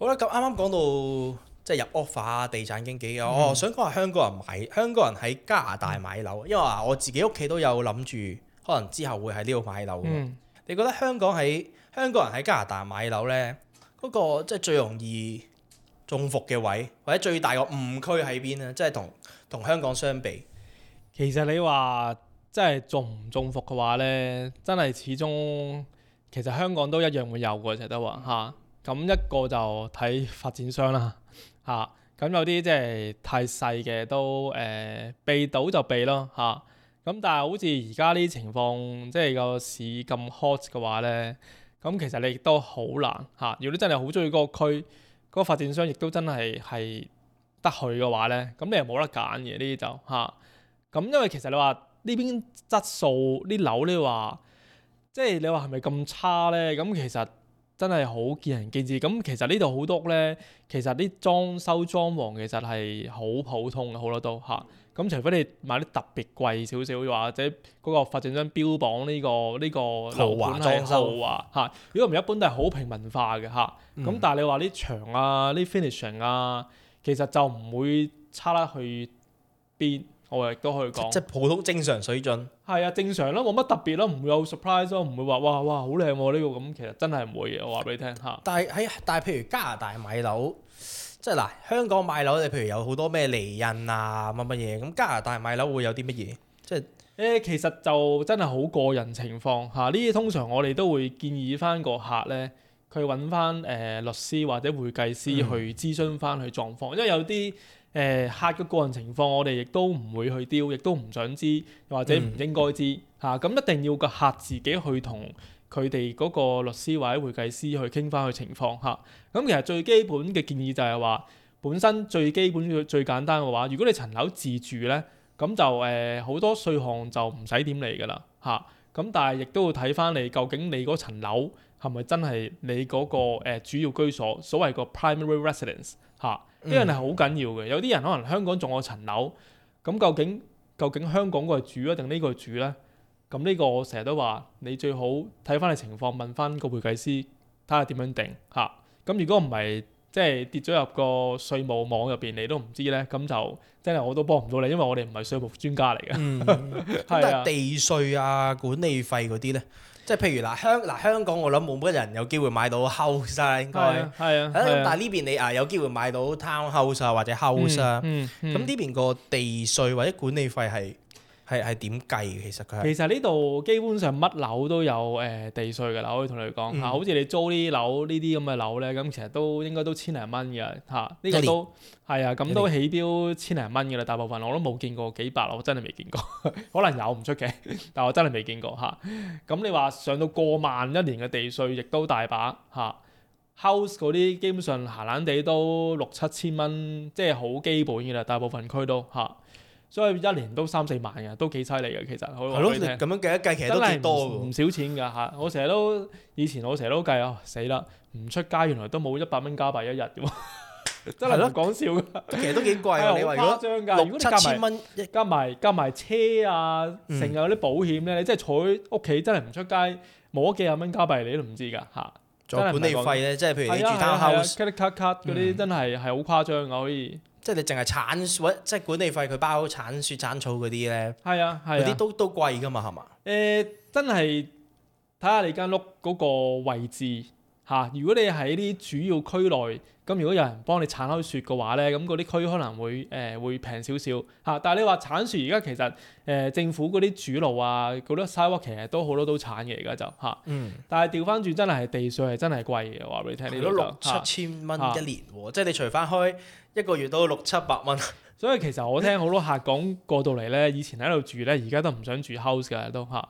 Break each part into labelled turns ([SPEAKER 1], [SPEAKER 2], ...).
[SPEAKER 1] 好啦，咁啱啱講到即係入 offer 啊，地產經紀啊、嗯哦。我想講下香港人買香港人喺加拿大買樓，因為我自己屋企都有諗住可能之後會喺呢度買樓。嗯、你覺得香港喺香港人喺加拿大買樓呢，嗰、那個即係最容易中伏嘅位，或者最大嘅誤區喺邊呢？即係同同香港相比，其實你話即係中唔中伏嘅話呢，真係始終其實香港都一樣會有嘅，陳德華嚇。咁一個就睇發展商啦，嚇、啊、咁有啲即係太細嘅都誒、呃、避到就避咯嚇。咁、啊、但係好似而家呢啲情況，即係個市咁 hot 嘅話咧，咁其實你亦都好難嚇、啊。如果你真係好中意嗰個區，嗰、那個發展商亦都真係係得去嘅話咧，咁你又冇得揀嘅呢啲就嚇。咁、啊、因為其實你話呢邊質素呢、這個、樓你話，即、就、係、是、你話係咪咁差咧？咁其實。真係好見仁見智咁，其實呢度好多屋咧，其實啲裝修裝潢其實係好普通嘅，好多都嚇。咁除非你買啲特別貴少少，或者嗰個發展商標榜呢、呢個呢、呢個樓盤裝修嚇。如果唔係一般都係好平民化嘅嚇。咁、嗯、但係你話啲牆啊、啲、嗯、finishing 啊，其實就唔會差得去邊。我亦都可以講，即係普通正常水準。係啊，正常啦、啊，冇乜特別啦、啊，唔會有 surprise 咯、啊，唔會話哇哇好靚喎呢個咁，其實真係唔會嘅，我話俾你聽嚇、啊。但係喺但係譬如加拿大買樓，即係嗱香港買樓，你譬如有好多咩釐印啊乜乜嘢，咁加拿大買樓會有啲乜嘢？即係誒，其實就真係好個人情況嚇。呢、啊、啲通常我哋都會建議翻個客咧，佢揾翻誒律師或者會計師去諮詢翻佢狀況，嗯、因為有啲。誒、哎、客嘅個人情況，我哋亦都唔會去丟，亦都唔想知，或者唔應該知嚇。咁一定要個客自己去同佢哋嗰個律師或者會計師去傾翻佢情況嚇。咁、啊啊、其實最基本嘅建議就係話，本身最基本最簡單嘅話，如果你層樓自住咧，咁、啊、就誒好、啊、多稅項就唔使點理㗎啦嚇。咁、啊啊、但係亦都要睇翻你究竟你嗰層樓。係咪真係你嗰個誒主要居所，所謂個 primary residence 嚇、啊？呢樣係好緊要嘅。有啲人可能香港仲有層樓，咁究竟究竟香港個係主啊定呢個係主咧？咁呢個我成日都話，你最好睇翻你情況，問翻個會計師睇下點樣定嚇。咁如果唔係即係跌咗入個稅務網入邊，你都唔知咧，咁就真係、就是、我都幫唔到你，因為我哋唔係稅務專家嚟嘅。咁、嗯 啊、地稅啊管理費嗰啲咧？即係譬如嗱，香嗱香港，我諗冇乜人有機會買到 house 啊，應該係啊。啊但係呢邊你啊有機會買到 town house 啊或者 house 啊、嗯，咁、嗯、呢、嗯、邊個地稅或者管理費係？係係點計？其實佢其實呢度基本上乜樓都有誒、呃、地稅嘅，嗱，我可以同你講嚇，好似、嗯、你租啲樓呢啲咁嘅樓咧，咁其實都應該都千零蚊嘅嚇，呢、啊呢個都係年啊，咁都起標千零蚊嘅啦，大部分我都冇見過幾百，我真係未見過， 可能有唔出奇，但我真係未見過嚇。咁、啊、你話上到過萬一年嘅地稅亦都大把嚇、啊，house 嗰啲基本上閒閒地都六七千蚊，即係好基本嘅啦，大部分區都嚇。啊所以一年都三四萬嘅，都幾犀利嘅其實。係咯，咁樣計一計，其實都幾多喎？唔少錢㗎嚇！我成日都以前我成日都計啊，死啦！唔出街原來都冇一百蚊加幣一日嘅喎，真係唔講笑㗎。其實都幾貴啊！你如果六七千蚊，加埋加埋車啊，成日有啲保險咧，你真係坐喺屋企，真係唔出街，冇咗幾廿蚊加幣，你都唔知㗎嚇。仲有管理費咧，即係譬如呢啲單耗、credit card 嗰啲，真係係好誇張㗎可以。即係你淨係剷雪，即係管理費佢包剷雪剷草嗰啲咧，係啊，嗰啲、啊、都都貴㗎嘛，係嘛？誒、欸，真係睇下你間屋嗰個位置。嚇！如果你喺啲主要區內，咁如果有人幫你鏟開雪嘅話咧，咁嗰啲區可能會誒、呃、會平少少嚇。但係你話鏟雪而家其實誒、呃、政府嗰啲主路啊，嗰啲 sidewalk 其實都好多都鏟嘅而家就嚇。但係調翻轉真係地稅係真係貴嘅，我話俾你聽。你都六七千蚊一年喎、啊，啊、即係你除翻開一個月都六七百蚊。所以其實我聽好多客講過到嚟咧，以前喺度住咧，而家都唔想住 house 㗎都嚇，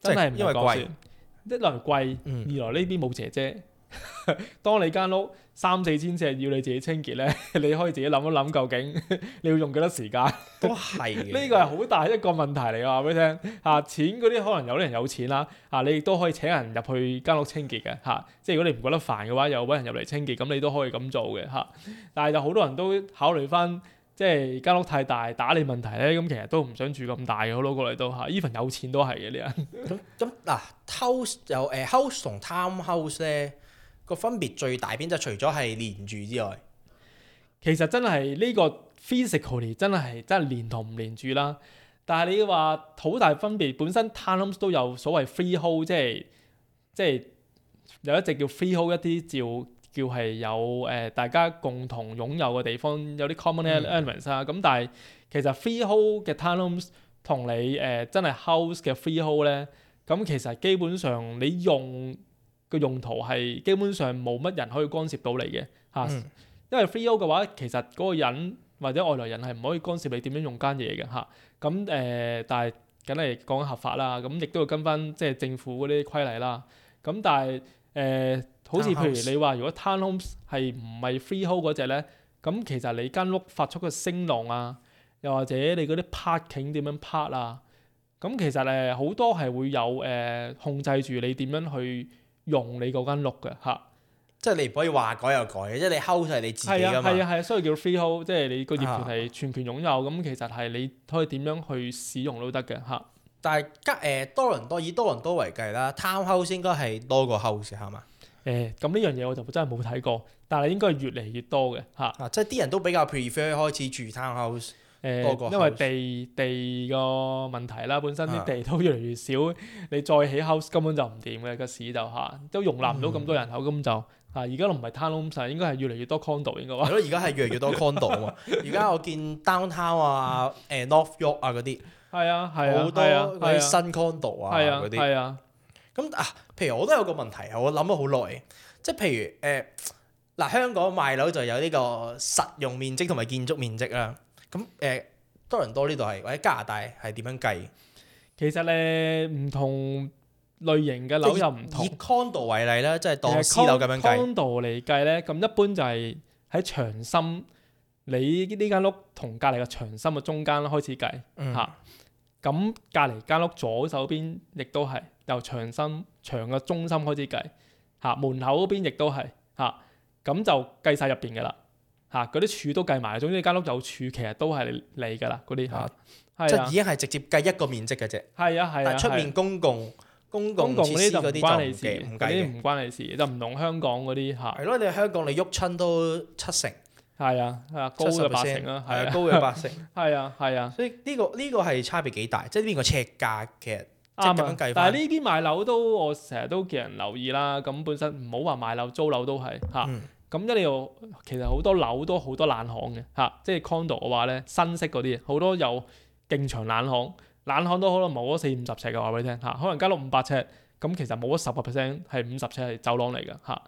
[SPEAKER 2] 真係唔講算。
[SPEAKER 1] 一來貴，嗯、二來呢邊冇姐姐。 當你間屋三四千尺，要你自己清潔咧， 你可以自己諗一諗究竟你要用幾多時間？ 都係，呢個係好大一個問題嚟。話俾你聽，吓、啊、錢嗰啲可能有啲人有錢啦，吓、啊、你亦都可以請人入去間屋清潔嘅，吓、啊、即係如果你唔覺得煩嘅話，又搵人入嚟清潔，咁你都可以咁做嘅吓、啊。但係就好多人都考慮翻，即係間屋太大打理問題咧，咁、嗯、其實都唔想住咁大嘅，好多過嚟都吓。even、啊、有錢都係嘅呢人。咁咁嗱 house， S、啊、house 同、呃、time house 咧。個分別最大邊就除咗係連住之外，其實真係呢個 physically 真係真係連同唔連住啦。但係你話好大分別，本身 town homes 都有所謂 freehold，即係即係有一隻叫 freehold 一啲叫叫係有誒、呃、大家共同擁有嘅地方，有啲 common elements 啊、嗯。咁但係其實 freehold 嘅 town homes 同你誒、呃、真係 house 嘅 freehold 咧，咁其實基本上你用個用途係基本上冇乜人可以干涉到你嘅，吓、嗯，因為 freehold 嘅話，其實嗰個人或者外來人係唔可以干涉你點樣用間嘢嘅，吓。咁、呃、誒，但係梗係講合法啦，咁亦都要跟翻即係政府嗰啲規例啦。咁但係誒、呃，好似譬如你話如果 townhomes 係唔係 freehold 嗰隻咧，咁其實你間屋發出個聲浪啊，又或者你嗰啲 parking 點樣 park 啊，咁其實誒好多係會有誒、呃、控制住你點樣去。用你嗰間屋嘅嚇，即係你唔可以話改又改嘅，即係你 hold 晒你自己㗎嘛。係啊係啊，所以叫 freehold，即係你個業權係全權擁有。咁、啊、其實係你可以點樣去使用都得嘅嚇。啊、但係吉、呃、多倫多以多倫多為計啦，townhouse 應該係多過 house 係嘛？誒，咁呢、呃、樣嘢我就真係冇睇過，但係應該越嚟越多嘅嚇。啊，啊即係啲人都比較 prefer 開始住 townhouse。誒，因為地地個問題啦，本身啲地都越嚟越少，是啊、你再起 house 根本就唔掂嘅，個市就嚇都容納唔到咁多人口。咁就啊，而家都唔係攤攤曬，應該係越嚟越多 condo 應該。係咯，而家係越嚟越多 condo。而家 我見 downtown 啊、誒、 呃、North York 啊嗰啲，係啊係啊，好多嗰啲新 condo 啊嗰啲。係啊，咁啊，譬如我都有個問題，我諗咗好耐，即係譬如誒嗱、呃，香港賣樓就有呢個實用面積同埋建築面積啊。咁誒、嗯、多倫多呢度係或者加拿大係點樣計？其實咧，唔同類型嘅樓又唔同。以康 o n 為例啦，即、就、係、是、當私樓咁樣計康 o 嚟計咧，咁一般就係喺長心，你呢間屋同隔離嘅長心嘅中間開始計嚇。咁隔離間屋左手邊亦都係由長心、長嘅中心開始計嚇，門口嗰邊亦都係嚇，咁就計晒入邊嘅啦。嚇，嗰啲柱都計埋，總之間屋有柱，其實都係你㗎啦。嗰啲嚇，即已經係直接計一個面積嘅啫。係啊係啊，但出面公共公共嗰啲就唔計，嗰啲唔關你事，就唔同香港嗰啲嚇。係咯，你香港你喐親都七成。係啊係啊，高嘅八成啦，係啊高嘅八成啊。係啊高嘅八成，係啊係啊，所以呢個呢個係差別幾大，即係呢邊個尺價其實，但係呢啲買樓都，我成日都叫人留意啦，咁本身唔好話買樓租樓都係嚇。咁一嚟又其實好多樓都好多冷巷嘅嚇，即係 condo 嘅話咧，新式嗰啲好多有勁長冷巷，冷巷都可能冇咗四五十尺嘅話俾你聽嚇，可能加到五百尺，咁其實冇咗十個 percent 係五十尺係走廊嚟嘅嚇，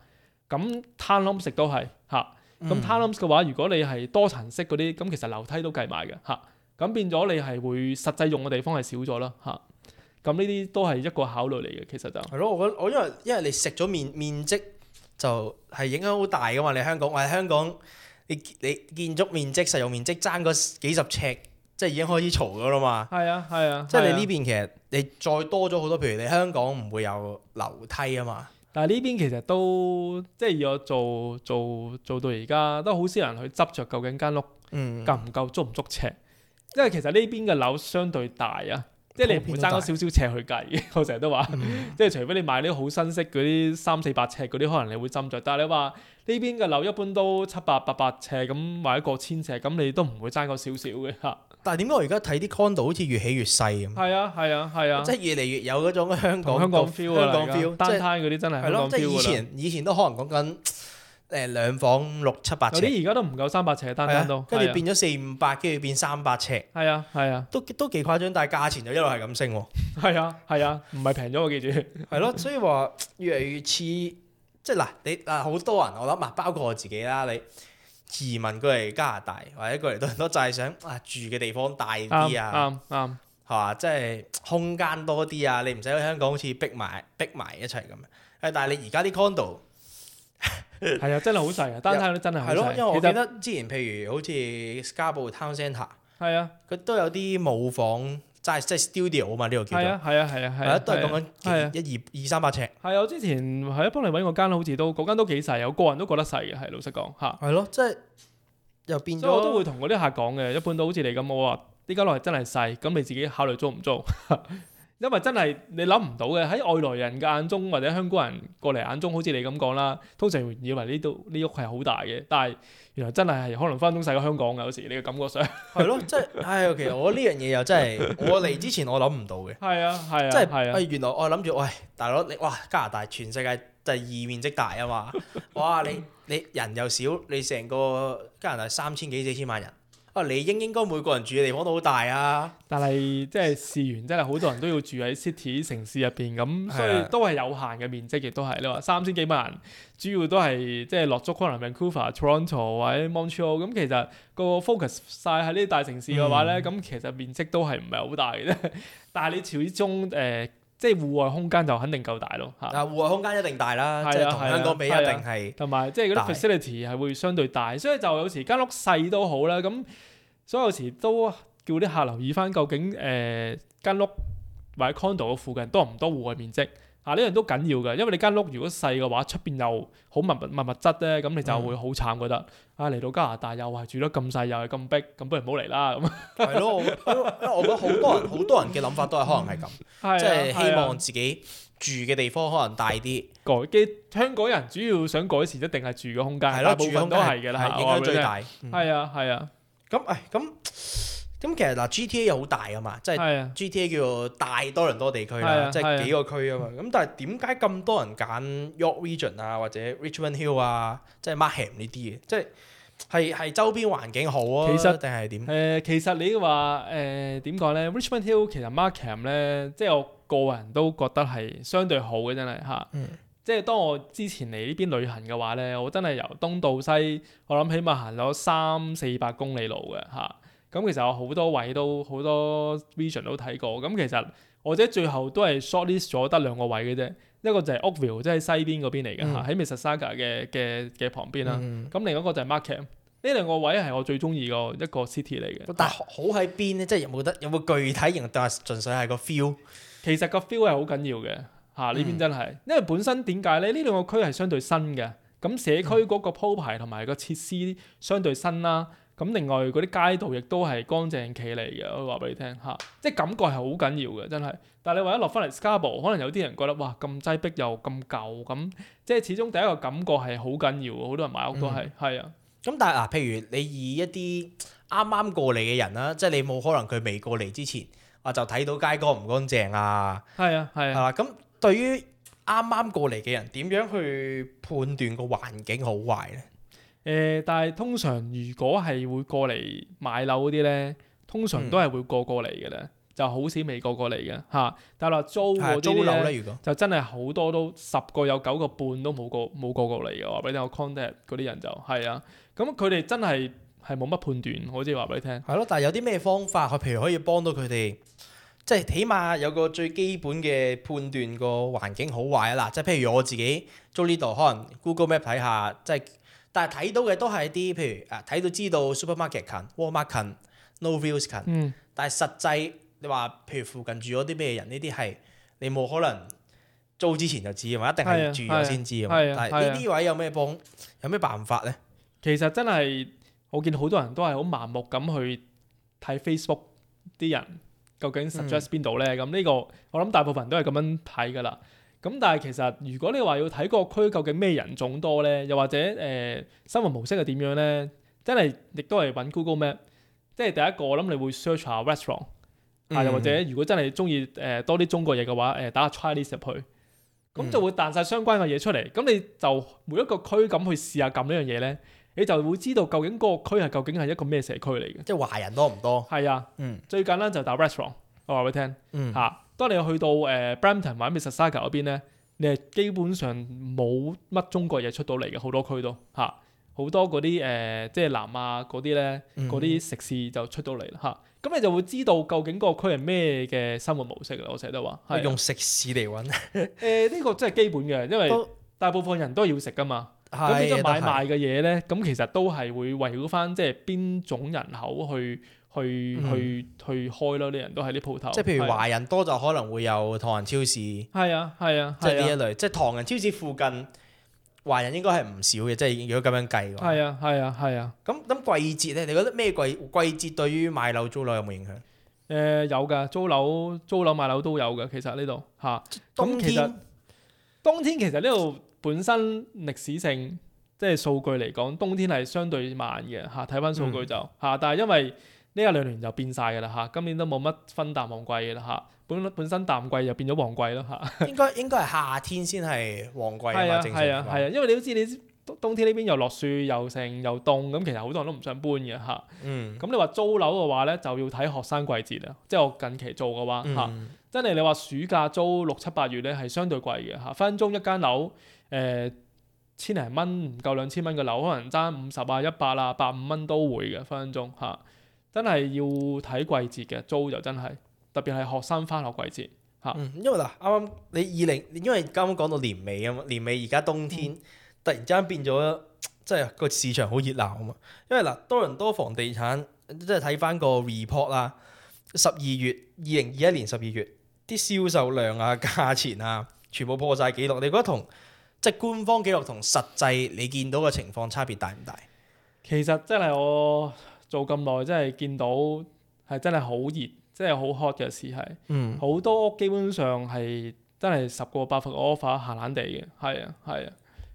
[SPEAKER 1] 咁 townhouse 式都係嚇，咁 townhouse 式嘅話如果你係多層式嗰啲，咁其實樓梯都計埋嘅嚇，咁變咗你係會實際用嘅地方係少咗啦嚇，咁呢啲都係一個考慮嚟嘅其實就係咯，我覺得我因為因為你食咗面面積，就係影響好大噶嘛！你香港，我、哎、喺香港，你你建築面積、實用面積爭嗰幾十尺，即係已經開始嘈咗啦嘛！係啊，係啊，啊即係你呢邊其實你再多咗好多，譬如你香港唔會有樓梯啊嘛。但係呢邊其實都即要我做做做到而家都好少人去執着，究竟間屋夠唔夠足唔足，足，足尺，因為其實呢邊嘅樓相對大啊。即係你唔會爭嗰少少尺去計嘅，我成日都話，嗯、即係除非你買啲好新式嗰啲三四百尺嗰啲，可能你會斟酌。但係你話呢邊嘅樓一般都七八、八百尺咁，或者過千尺咁，你都唔會爭過少少嘅嚇。但係點解我而家睇啲 condo 好似越起越細咁？係啊，係啊，係啊，即係越嚟越有嗰種香港香港 feel，即係丹丹嗰啲真係係咯，即係、就是就是、以前以前都可能講緊。誒兩房六七百尺，嗰啲而家都唔夠三百尺，單單到，跟住、啊、變咗四五百，跟住變三百尺，係啊係啊，啊都都幾誇張，但係價錢就一路係咁升喎，係啊係啊，唔係平咗我記住，係咯、啊，所以話越嚟越似 即係嗱，你啊好多人我諗啊，包括我自己啦，你移民過嚟加拿大或者過嚟都都就係想啊住嘅地方大啲、嗯嗯嗯、啊，啱啱係嘛，即係空間多啲啊，你唔使喺香港好似逼埋逼埋一齊咁樣，但係你而家啲 condo 係啊，真係好細啊，單睇都真係細。係咯，因為我記得之前，譬如好似 Scarborough Town Centre，e 係啊，佢都有啲模仿即係即係 studio 啊嘛，呢個叫做。係啊，係啊，係啊，係啊，都係講緊，係啊，一二二三百尺。係啊，我之前喺幫你搵個間，好似都嗰間都幾細，我個人都覺得細嘅，係老實講吓。係咯，即係又變咗。所以我都會同嗰啲客講嘅，一般都好似你咁，我話呢間落係真係細，咁你自己考慮租唔租？因為真係你諗唔到嘅，喺外來人嘅眼中或者香港人過嚟眼中，好似你咁講啦，通常以為呢度呢屋係好大嘅，但係原來真係係可能翻種細過香港嘅，有時你嘅感覺上係咯了，即係 唉，其、okay，實我呢樣嘢又真係我嚟之前我諗唔到嘅，係啊係啊，真係係啊，原來我諗住喂，大佬你哇加拿大全世界第二面積大啊嘛，哇你你人又少，你成個加拿大三千幾四千萬人。啊！理應應該每個人住嘅地方都好大啊，但係即係事緣，真係好多人都要住喺 city 城市入邊，咁所以都係有限嘅面積，亦都係你話三千幾萬人，主要都係即係落足可能 v a n c o u v e r Toronto 或者 Montreal，咁其實個 focus 晒喺呢啲大城市嘅話咧，咁 其實面積都係唔係好大嘅，但係你始終誒，呃即係戶外空間就肯定夠大咯嚇。啊戶外空間一定大啦，即係同香港比一定係，同埋即係嗰啲 facility 係大會相對大，所以就有時間屋細都好啦，咁所以有時都叫啲客留意返究竟誒，呃，間屋或者 condo 嘅附近多唔多戶外面積。啊！呢樣都緊要嘅，因為你間屋如果細嘅話，出邊又好密密，密密質咧，咁你就會好慘覺得。嗯、啊！嚟到加拿大又話住得咁細，又係咁逼，咁不如唔好嚟啦咁。係咯，我覺得好多人好 多人嘅諗法都係可能係咁，即係、嗯、希望自己住嘅地方可能大啲改。香港人主要想改善一定係住嘅空間，大部分都係嘅啦，影響最大。係、嗯、啊，係啊。咁誒，咁。咁其實嗱，GTA 又好大噶嘛，即係 GTA 叫做大多倫多地區啦，的即係幾個區啊嘛。咁的但係點解咁多人揀 York Region 啊，或者 Richmond Hill 啊，即係 Markham 呢啲嘅？即係係係周邊環境好啊，定係點？誒、呃，其實你話誒點、呃、講咧？Richmond Hill 其實 Markham 咧，即係我個人都覺得係相對好嘅，真係嚇。即係當我之前嚟呢邊旅行嘅話咧，我真係由東到西，我諗起碼行咗三四百公里路嘅嚇。咁其實我好多位都好多 v i s i o n 都睇過，咁其實我哋最後都係 short list 咗得兩個位嘅啫，一個就係 Oakville，即係西邊嗰邊嚟嘅嚇，喺面 s a、嗯、Mississauga 嘅嘅嘅旁邊啦。咁、嗯、另一個就係 Markham，呢兩個位係我最中意個一個 city 嚟嘅。但好喺邊咧？即係有冇得有冇具體型態？純粹係個 feel。其實個 feel 係好緊要嘅嚇，呢邊真係，嗯、因為本身點解咧？呢兩個區係相對新嘅，咁社區嗰個鋪排同埋個設施相對新啦。嗯嗯咁另外嗰啲街道亦都係乾淨企理嘅，我話俾你聽嚇、啊，即係感覺係好緊要嘅，真係。但係你話一落翻嚟 Scarborough，可能有啲人覺得哇咁擠迫又咁舊，咁、嗯、即係始終第一個感覺係好緊要。好多人買屋都係係、嗯、啊。咁但係嗱，譬如你以一啲啱啱過嚟嘅人啦，即係你冇可能佢未過嚟之前話就睇到街乾唔乾淨啊。係啊係啊。係啦，咁對於啱啱過嚟嘅人，點樣去判斷個環境好壞咧？誒、呃，但係通常如果係會過嚟買樓嗰啲咧，通常都係會過、嗯、就過嚟嘅啦，就好少未過過嚟嘅嚇。但係租嗰啲咧，如果就真係好多都十個有九個半都冇個冇過過嚟嘅。我俾啲我 contact 嗰啲人就係啊，咁佢哋真係係冇乜判斷，好似話俾你聽。係咯，但係有啲咩方法？佢譬如可以幫到佢哋，即係起碼有個最基本嘅判斷個環境好壞啊！嗱，即係譬如我自己租呢度，可能 Google Map 睇下，即係。但係睇到嘅都係啲，譬如誒啊睇到知道 supermarket 近 Walmart 近，No Frills 近。但係實際你話，譬如附近住咗啲咩人，呢啲係你冇可能租之前就知嘅嘛，一定係住咗先知嘅嘛。但係呢啲位有咩幫，有咩辦法咧？其實真係我見好多人都係好盲目咁去睇 Facebook 啲人究竟 suggest 邊度咧。咁呢、嗯呢個我諗大部分人都係咁樣睇㗎啦。咁但係其實如果你話要睇個區究竟咩人種多咧，又或者誒、呃、生活模式係點樣咧，真係亦都係揾 Google Map，即係第一個我諗你會 search 下 restaurant，係又或者如果真係中意誒多啲中國嘢嘅話，誒打下 Chinese 入去，
[SPEAKER 2] 咁就
[SPEAKER 1] 會彈晒相關嘅嘢出嚟。咁、嗯、你就每一個區咁去試下撳呢樣嘢咧，你就會知道究竟個區係究竟係一個咩社區嚟嘅。即係華人多唔多？係啊，嗯、最簡單就打 restaurant，我話俾你聽，嗯，嗯當你去到誒、呃、Brampton 或者咩 Mississauga 嗰邊咧，你係基本上冇乜中國嘢出到嚟嘅，好多區都嚇，好、啊、多嗰啲誒即係南亞嗰啲咧，嗰啲、嗯、食肆就出到嚟嚇，咁、啊、你就會知道究竟個區係咩嘅生活模式啦。我成日都話係用食肆嚟揾。誒 呢、呃呢個真係基本嘅，因為大部分人都要食噶嘛。呢個買賣嘅嘢呢，咁是其實都係會圍繞翻即係邊種人口去、嗯、去去去開咯。啲人都喺啲鋪頭，即係譬如華人多就可能會有唐人超市。係啊，係啊，即係呢一類，即係、啊、唐人超市附近華人應該係唔少嘅。即係如果咁樣計嘅話。係啊，係啊，係啊。咁咁季節呢？你覺得咩季季節對於買樓租樓有冇影響？誒、呃、有㗎，租樓租樓買樓都有嘅。其實呢度嚇，冬天冬天其實呢度。本身歷史性即係數據嚟講，冬天係相對慢嘅嚇，睇翻數據就嚇。嗯、但係因為呢一兩年就變晒嘅啦嚇，今年都冇乜分淡旺季嘅啦嚇。本本身淡季就變咗旺季咯嚇。應該應該係夏天先係旺季啊。係啊係啊係啊，因為你都知你知。冬天呢邊又落雪又成又凍，咁其實好多人都唔想搬嘅嚇。咁、嗯、你話租樓嘅話呢，就要睇學生季節啦。即、就、係、是、我近期做嘅話嚇，嗯、真係你話暑假租六七八月呢係相對貴嘅嚇。分分鐘一間樓誒、呃、千零蚊，唔夠兩千蚊嘅樓，可能爭五十啊一百啊百五蚊都會嘅分分鐘嚇。真係要睇季節嘅租就真係，特別係學生返學季節嚇、嗯。因為嗱啱啱你二零，因為啱啱講到年尾啊嘛，年尾而家冬天。嗯突然之間變咗，即係個市場好熱鬧啊嘛。因為嗱，多倫多房地產，即係睇翻個 report 啦。十二月二零二一年十二月啲銷售量啊、價錢啊，全部破晒紀錄。你覺得同即係官方紀錄同實際你見到嘅情況差別大唔大？其實真係我做咁耐、就是，真係見到係真係好熱，即係好 hot 嘅事係。嗯，好多屋基本上係真係十個八個 offer 閒閒地嘅，係啊，係啊。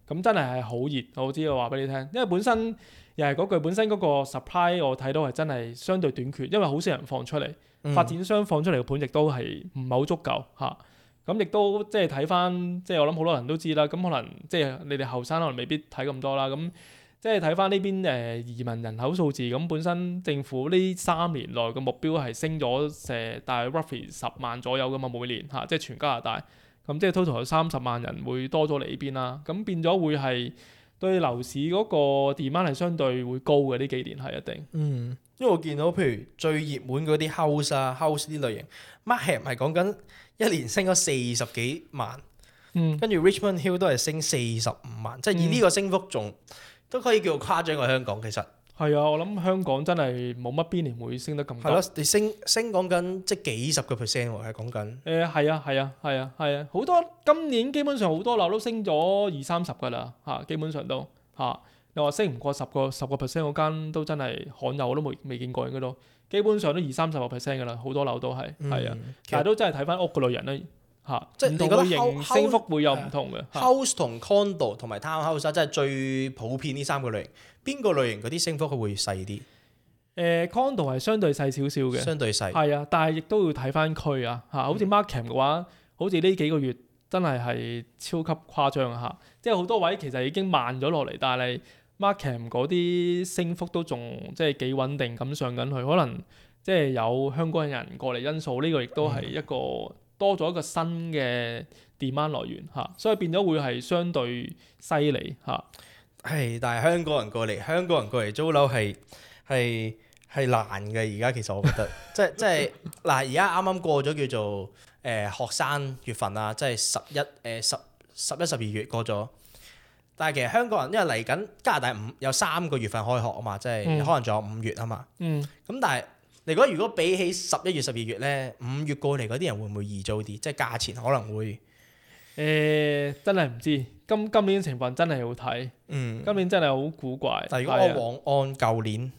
[SPEAKER 1] 咁真係係好熱，我知道我話俾你聽。因為本身又係句本身嗰個 supply，我睇到係真係相對短缺，因為好少人放出嚟，嗯、發展商放出嚟嘅盤亦都係唔係好足夠嚇。咁亦都即係睇翻，即係、就是、我諗好多人都知啦。咁可能即係、就是、你哋後生可能未必睇咁多啦。咁即係睇翻呢邊誒、呃、移民人口數字，咁本身政府呢三年內嘅目標係升咗誒、呃，大概 roughly 十萬左右噶嘛，每年嚇，即、啊、係、就是、全加拿大。咁即係 total 有三十萬人會多咗嚟呢邊啦，咁變咗會係對樓市嗰個 demand 係相對會高嘅呢幾年係一定。嗯，因為我見到譬如最熱門嗰啲 house 啊 house 啲類型乜係唔係係講緊一年升咗四十幾萬，嗯、跟住 Richmond Hill 都係升四十五萬，即係以呢個升幅仲都可以叫做誇張過香港其實。係啊，我諗香港真係冇乜邊年會升得咁高。你升升講緊即係幾十個 percent，係講緊。誒，係、呃、啊，係啊，係啊，係啊，好、啊啊啊、多今年基本上好多樓都升咗二三十噶啦，吓基本上都吓。你話升唔過十個十個 percent 嗰間都真係罕有，我都未未見過應該都。基本上都，都二三十個 percent 噶啦，好多樓都係，係啊，其實、啊嗯、都真係睇翻屋嗰類人啦。嚇，同同即係你覺得升幅會有唔同嘅，house 同 condo 同埋 townhouse 啊，即係最普遍呢三個類型，邊個類型嗰啲升幅佢會細啲？誒、呃、condo 係相對細少少嘅，相對細，係啊，但係亦都要睇翻區啊，嚇，好似 Markham 嘅話，好似呢幾個月真係係超級誇張嚇，即係好多位其實已經慢咗落嚟，但係 Markham 嗰啲升幅都仲即係幾穩定咁上緊去，可能即係有香港人過嚟因素，呢、這個亦都係一個。嗯。多咗一個新嘅 demand 來源嚇，所以變咗會係相對犀利嚇。係，但係香港人過嚟，香港人過嚟租樓係係係難嘅。而家其實我覺得， 即係即係嗱，而家啱啱過咗叫做誒、呃、學生月份啊，即係、呃、十一誒十十一十二月過咗。但係其實香港人因為嚟緊加拿大五有三個月份開學啊嘛，即係可能仲有五月啊嘛。嗯。咁、嗯、但係。你覺得如果比起十一月、十二月咧，五月過嚟嗰啲人會唔會易租啲？即係價錢可能會誒、欸，真係唔知。今今年情況真係好睇，嗯，今年真係好古怪。但係如果往、啊、按舊年，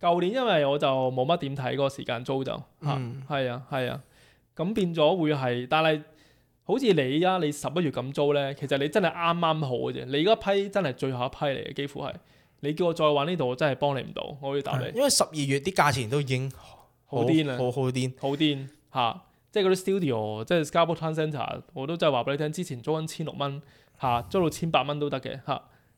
[SPEAKER 1] 舊年因為我就冇乜點睇嗰個時間租就，嗯，係啊，係啊，咁、啊、變咗會係。但係好似你而家你十一月咁租咧，其實你真係啱啱好嘅啫。你嗰批真係最後一批嚟，嘅，幾乎係。你叫我再揾呢度，我真係幫你唔到。我可以答你，因為十二月啲價錢都已經好癲啦，瘋好好瘋癲，好癲嚇。即係嗰啲 studio，即係 Scarborough Town Centre 我都真係話俾你聽，之前租緊千六蚊嚇，租到千八蚊都得嘅嚇。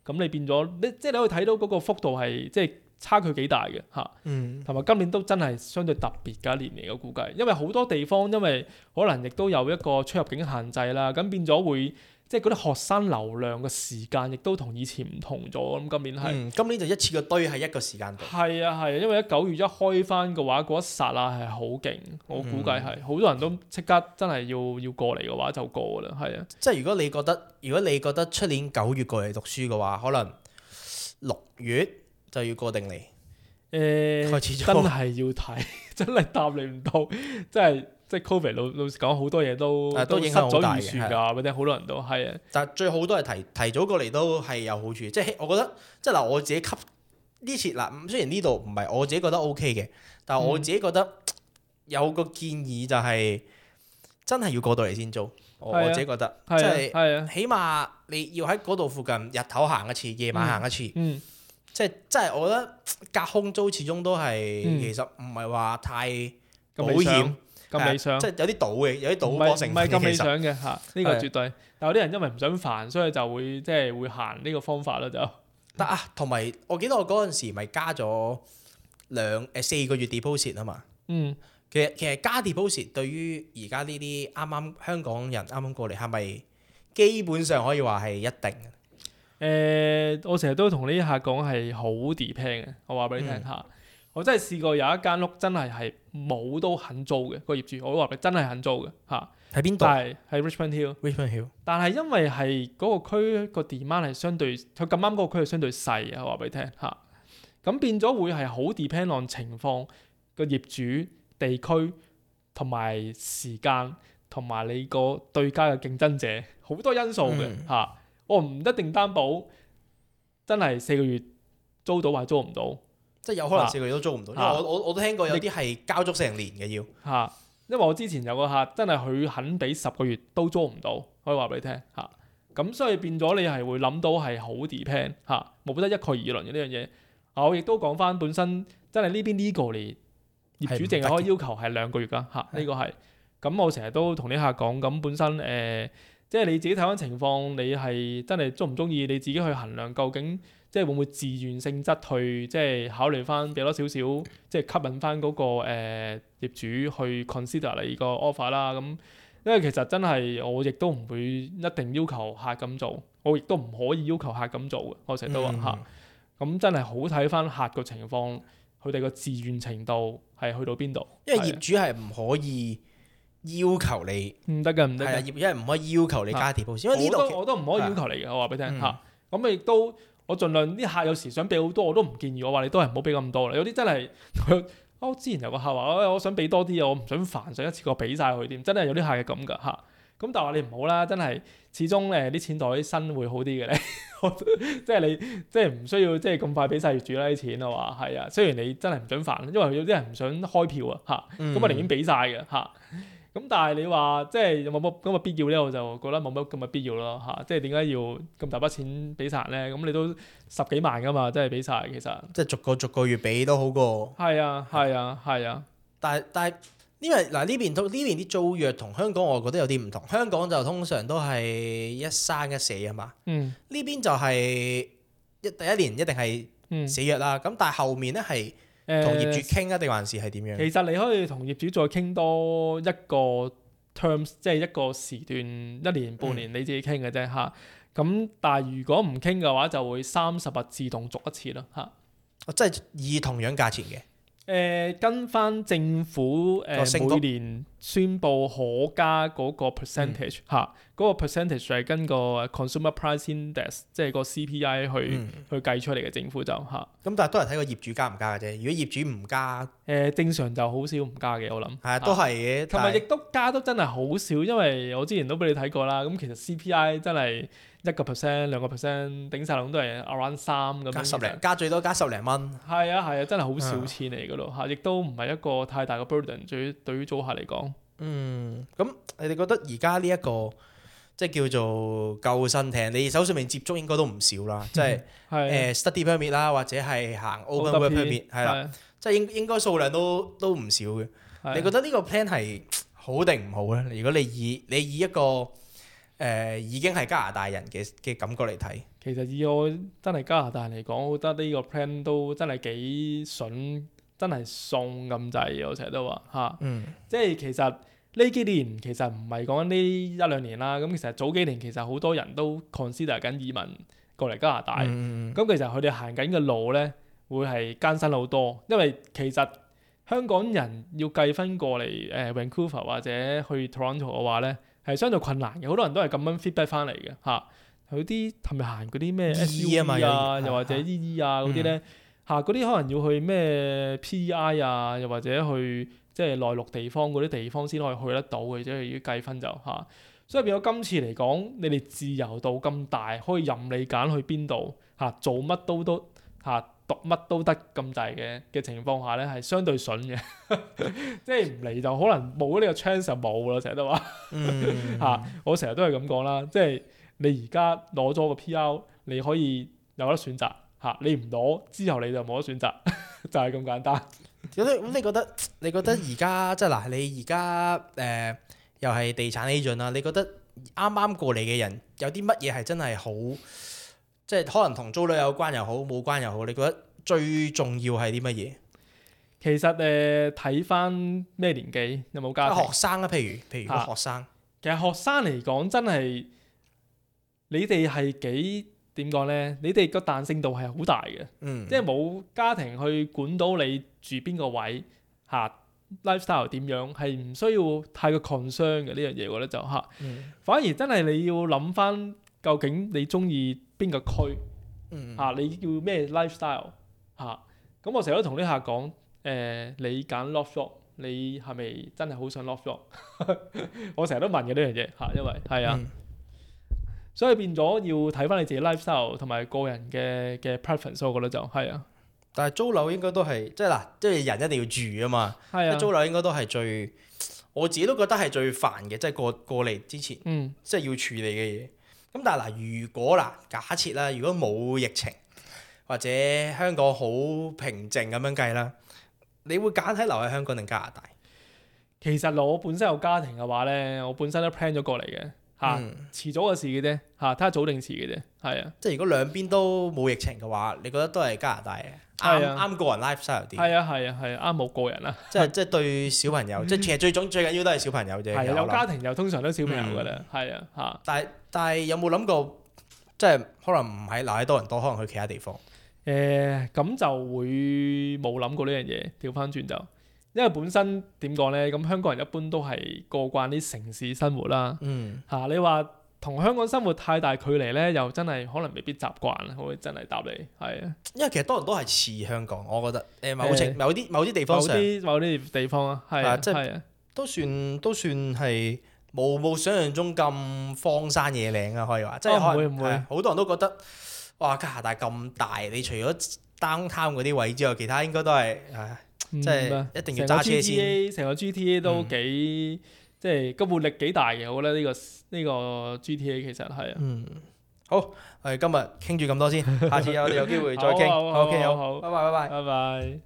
[SPEAKER 1] 咁、啊、你變咗，你即係、就是、你可以睇到嗰個幅度係即係差距幾大嘅嚇。同、啊、埋、嗯、今年都真係相對特別嘅一年嚟嘅估計，因為好多地方因為可能亦都有一個出入境限制啦，咁變咗會。即係嗰啲學生流量嘅時間，亦都同以前唔同咗。咁今年係、嗯，今年就一次過堆係一個時間。係啊，係啊，因為一九月一開翻嘅話，嗰一剎那係好勁，我估計係好、嗯、多人都即刻真係要要過嚟嘅話就過㗎啦。係啊，即係如果你覺得，如果你覺得出年九月過嚟讀書嘅話，可能六月就要過定嚟。誒、呃，真係要睇，真係答你唔到，真係。即係 Covid 老老實講好多嘢都，都影響好大㗎，或者好多人都係。但係最好都係提提早過嚟都係有好處，即、就、係、是、我覺得即係嗱我自己吸呢次嗱，雖然呢度唔係我自己覺得 OK 嘅，嗯、但係我自己覺得有個建議就係真係要過到嚟先租。的我自己覺得即係的起碼你要喺嗰度附近日頭行一次，夜晚行一次，即係即係我覺得隔空租始終都係、嗯、其實唔係話太保險。嗯嗯嗯咁理想，即係有啲賭嘅，有啲賭博性嘅，唔係咁理想其實吓呢、這個絕對。的但有啲人因為唔想煩，所以就會即係、就是、會行呢個方法咯，就得啊。同埋我記得我嗰陣時咪加咗兩誒四個月 deposit 啊嘛。嗯其。其實其實加 deposit 對於而家呢啲啱啱香港人啱啱過嚟，係咪基本上可以話係一定嘅？誒、嗯，我成日都同呢啲客講係好 depend 嘅，我話俾你聽下。我真係試過有一間屋真係係冇都肯租嘅、個業主，我話佢真係肯租嘅嚇。喺邊度？係喺 Richmond Hill。Richmond Hill。但係因為係嗰個區個 demand 係相對，佢咁啱嗰個區係相對細啊，我話俾你聽嚇。咁變咗會係好 depend on 情況、個業主、地區、同埋時間、同埋你個對家嘅競爭者，好多因素嘅嚇。嗯、我唔一定擔保真係四個月租到或租唔到。即係有可能四個月都租唔到，啊、因為我我，我都聽過有啲係交足成年嘅要嚇、啊，因為我之前有個客真係佢肯俾十個月都租唔到，可以話俾你聽嚇。咁、啊、所以變咗你係會諗到係好 depend 嚇、啊，冇得一概而論嘅呢樣嘢。我亦都講翻本身，真係呢邊呢個 legal 嚟業主淨係可以要求係兩個月噶嚇，呢、啊呢個係。咁是的 我成日都同啲客講，咁本身誒。呃即係你自己睇翻情況，你係真係鍾唔鍾意？你自己去衡量究竟，即係會唔會自願性質去即係考慮翻俾多少少，即係吸引翻嗰個誒業主去 consider 你個 offer 啦。咁、嗯、因為其實真係我亦都唔會一定要求客咁做，我亦都唔可以要求客咁做嘅。我成日都話吓，咁、嗯、真係好睇翻客個情況，佢哋個自願程度係去到邊度？因為業主係唔可以。要求你唔得噶，唔得噶，因為唔、啊、可以要求你加貼，因為呢度我、嗯啊、都唔可以要求你嘅，我話俾你聽嚇。咁亦都我儘量啲客有時想俾好多，我都唔建議。我話你都係唔好俾咁多啦。有啲真係我、哦、之前有個客話、哎，我想俾多啲啊，我唔想煩，想一次過俾晒佢添。真係有啲客嘅咁噶嚇。咁、啊、但係你唔好啦，真係始終誒啲錢袋身會好啲嘅。即、啊、係 你即係唔需要即係咁快俾晒業主啦啲錢啊嘛。係啊，雖然你真係唔想煩，因為有啲人唔想開票啊嚇。咁我寧願俾晒嘅嚇。咁但係你話即係有冇乜咁嘅必要咧？我就覺得冇乜咁嘅必要咯嚇，即係點解要咁大筆錢俾晒咧？咁你都十幾萬噶嘛，即係俾晒。其實。即係逐個逐個月俾都好過。係啊係啊係啊，啊啊啊啊，但係但係因為嗱呢邊都呢邊啲租約同香港我覺得有啲唔同，香港就通常都係一生一死啊嘛。嗯。呢邊就係一第一年一定係死約啦，咁、嗯、但係後面咧係。同業主傾一定還是係點樣，其實你可以同業主再傾多一個 terms，即係一個時段，一年半年，你自己傾嘅啫吓，咁、嗯、但係如果唔傾嘅話，就會三十日自動續一次咯吓，即係以同樣價錢嘅。誒、呃、跟翻政府誒、呃、每年宣佈可加嗰個 percentage 嚇、嗯，嗰、啊那個 percentage 係跟個 consumer price index，即係個 CPI 去、嗯、去計出嚟嘅政府就嚇。咁、啊、但係都係睇個業主加唔加嘅啫。如果業主唔加，誒、呃、正常就好少唔加嘅，我諗。係啊，是都係嘅。同埋亦都加得真係好少，因為我之前都俾你睇過啦。咁其實 CPI 真係。一個 percent 兩個 percent 頂晒籠都係 around 三，咁加十零，加最多加十零蚊。係啊係啊，真係好少錢嚟㗎咯嚇，亦都唔係一個太大嘅 burden，對於對於租客嚟講。嗯，咁你哋覺得而家呢一個即係叫做救生艇，你哋手上面接觸應該都唔少啦，即係誒 study permit 啦，或者係行 open permit 係啦，即係應應該數量都都唔少嘅。你覺得呢個 plan 係好定唔好咧？如果你以你以一個誒、呃、已經係加拿大人嘅嘅感覺嚟睇，其實以我真係加拿大人嚟講，我覺得呢個 plan 都真係幾筍，真係送咁滯。我成日都話吓，啊嗯、即係其實呢幾年其實唔係講緊呢一兩年啦，咁其實早幾年其實好多人都 consider 緊移民過嚟加拿大，咁、嗯、其實佢哋行緊嘅路咧會係艱辛好多，因為其實香港人要計分過嚟、呃、Vancouver 或者去 Toronto 嘅話咧。係相對困難嘅，好多人都係咁樣 feedback 翻嚟嘅，嚇佢啲係咪行嗰啲咩 SUV 啊， 又或者 EE 啊嗰啲咧，嚇嗰啲可能要去咩 PI 啊，又或者去即係內陸地方嗰啲地方先可以去得到嘅，即係要計分就嚇。所以變咗今次嚟講，你哋自由度咁大，可以任你揀去邊度嚇，做乜都得嚇。讀乜都得咁滯嘅嘅情況下呢係相對筍嘅， 即係唔嚟就可能冇呢個 chance 就冇啦，成日都話嚇，我成日都係咁講啦，即係你而家攞咗個 P.R. 你可以有得選擇嚇、啊，你唔攞之後你就冇得選擇， 就係咁簡單。咁你咁覺得你覺得而家即係嗱，你而家誒又係地產 agent 啦，你覺得啱啱、呃、過嚟嘅人有啲乜嘢係真係好？即係可能同租樓有關又好，冇關又好，你覺得最重要係啲乜嘢？其實誒，睇翻咩年紀有冇家庭？學生啊，譬如譬如學生、啊，其實學生嚟講真係，你哋係幾點講呢？你哋個彈性度係好大嘅，嗯、即係冇家庭去管到你住邊個位，吓 lifestyle 點樣，係唔需要太過 concern 嘅呢樣嘢，我覺得就吓，啊嗯、反而真係你要諗翻。究竟你中意邊個區？嚇、嗯啊，你要咩 lifestyle？嚇，咁、啊、我成日都同啲客講，誒、呃，你揀 loft shop，你係咪真係好想 loft shop？ 我成日都問嘅呢樣嘢嚇，因為係啊，嗯、所以變咗要睇翻你自己 lifestyle 同埋個人嘅嘅 preference，我覺得就係啊。但係租樓應該都係即係嗱，即係人一定要住啊嘛。係啊，租樓應該都係最我自己都覺得係最煩嘅，即係過過嚟之前，嗯，即係要處理嘅嘢。咁但係嗱，如果嗱，假設啦，如果冇疫情或者香港好平靜咁樣計啦，你會揀喺留喺香港定加拿大？其實我本身有家庭嘅話呢，我本身都 plan 咗過嚟嘅。吓，遲、嗯、早嘅事嘅啫，吓睇下早定遲嘅啫。係啊，即係如果兩邊都冇疫情嘅話，你覺得都係加拿大嘅，啱啱個人 life style 啲。係啊係啊係，啱冇個人啦、啊。即係即係對小朋友，嗯、即係其實最重最緊要都係小朋友啫。係、啊、想有家庭又通常都小朋友噶啦。係、嗯、啊、吓、啊。但係但係有冇諗過，即係可能唔係留喺多倫多，可能去其他地方。誒、呃、咁就會冇諗過呢樣嘢，調翻轉就。因為本身點講呢？咁香港人一般都係過慣啲城市生活啦。嚇、嗯啊，你話同香港生活太大距離呢，又真係可能未必習慣。我會真係答你係啊。因為其實多人都係似香港，我覺得某的某。某某啲某啲地方，的某啲某啲地方啊，係即係都算都算係冇冇想象中咁荒山野嶺啊，可以話。哦唔會唔會。好多人都覺得，哇！加拿大咁大，你除咗 downtown 嗰啲位之外，其他應該都係係。即係，一定要揸車先。成個 GTA 都幾，嗯、即係吸引力幾大嘅。我覺得呢、呢個呢、呢個 GTA 其實係啊。嗯。好，係、嗯、今日傾住咁多先， 下次有有機會再傾。OK，好，好。拜拜，拜拜 Okay,，拜拜。